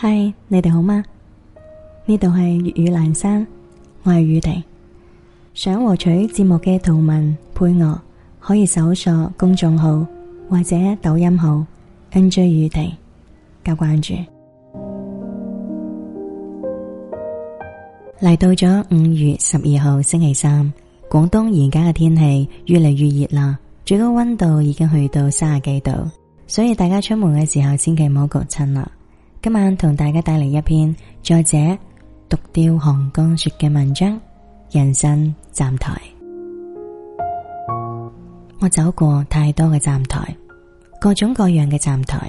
嗨，Hi，你哋好嗎？呢度係粵語闌珊，我係雨婷。想獲取節目嘅圖文配樂，可以搜索公眾號或者抖音號 NJ 雨婷加關注。嚟 到咗五月十二號星期三，廣東而家嘅天氣越嚟越熱啦，最高溫度已經去到三十幾度，所以大家出門嘅時候千祈唔好焗親啦。今晚同大家帶嚟一篇作者獨釣寒江雪嘅文章《人生站台》。我走過太多嘅站台，各種各樣嘅站台，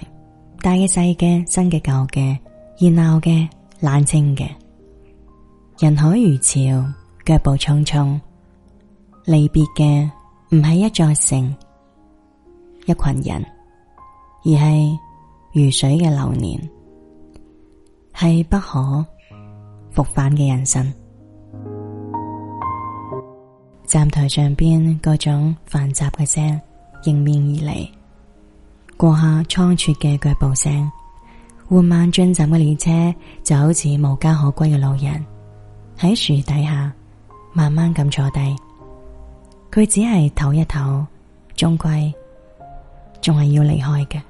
大嘅細嘅，新嘅舊嘅，熱鬧嘅冷清嘅。人海如潮，腳步匆匆，離別嘅唔係一座城，一群人，而係如水嘅流年。係不可復返嘅人生。站台上邊各種繁雜嘅聲迎面而嚟，過下倉促嘅腳步聲，緩慢進站嘅列車就好似無家可歸嘅老人，喺樹底下慢慢咁坐低。佢只係唞一唞，終歸仲係要離開嘅。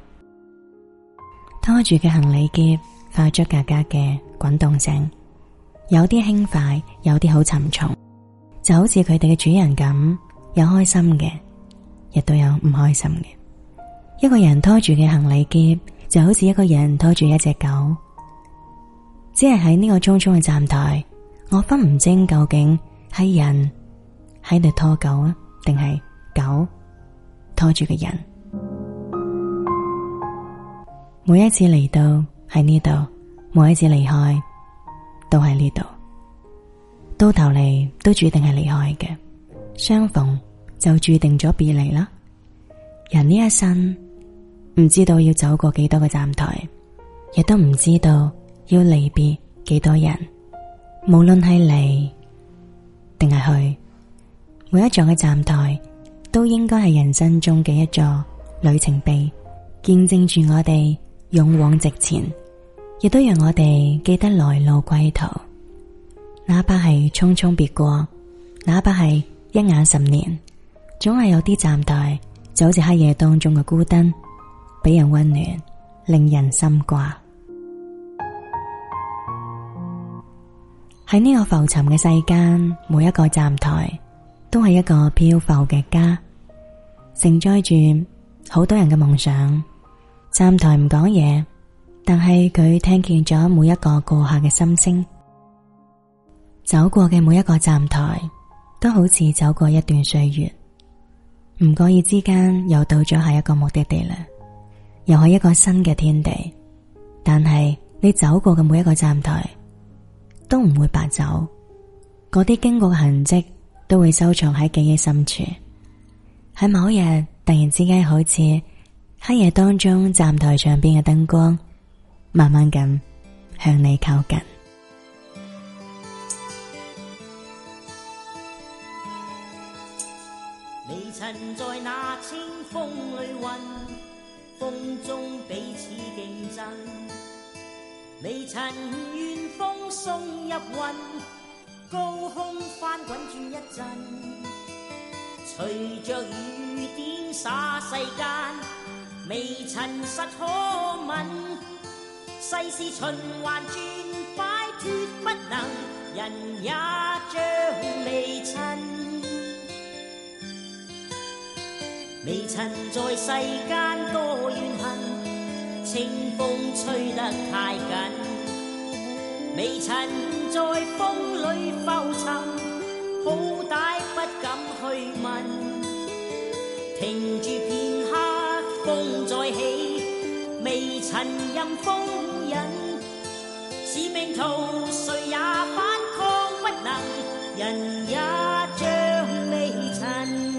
拖住嘅行李喼。快咗格格嘅滾動聲，有啲輕快，有啲好沉重，就好似佢哋嘅主人咁，有開心嘅，亦都有唔開心嘅。一個人拖住嘅行李篋，就好似一個人拖住一隻狗，只係喺呢個匆匆嘅站台，我分唔清究竟係人喺度拖狗啊，定係狗拖住嘅人。每一次嚟到，喺呢度，每一次離開都喺呢度，到頭嚟都注定係離開嘅。相逢就注定咗別離啦。人呢一生唔知道要走過幾多個站台，亦都唔知道要離別幾多人。無論係嚟定係去，每一座嘅站台都應該係人生中嘅一座旅程碑，見證住我哋。勇往直前，亦都讓我哋記得來路歸途。哪怕係匆匆別過，哪怕係一眼十年，總係有啲站台，就好似黑夜當中嘅孤燈，俾人溫暖，令人心掛。喺呢個浮沉嘅世間，每一個站台都係一個漂浮嘅家，承載住好多人嘅夢想。站台唔講嘢，但係佢聽見咗每一個過客嘅心聲。走過嘅每一個站台，都好似走過一段歲月。唔覺意之間又到咗下一個目的地啦，又係一個新嘅天地。但係你走過嘅每一個站台，都唔會白走，嗰啲經過嘅痕跡都會收藏喺記憶深處。喺某日突然之間，好似黑夜當中，站台上邊嘅燈光，慢慢咁向你靠近。未曾在那清風裏雲，風中彼此競爭。未曾願風送入雲，高空翻滾轉一陣。隨着雨點灑世間。未曾實可問，世事循環轉，擺脱不能，人也將未塵。未曾在世間多怨恨，清風吹得太緊。未曾在風裏浮沉，好歹不敢去問。停住片。風再起，微塵任風引，使命途誰也反抗不能，人也將未曾。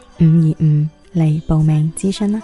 五二五嚟報名諮詢啦！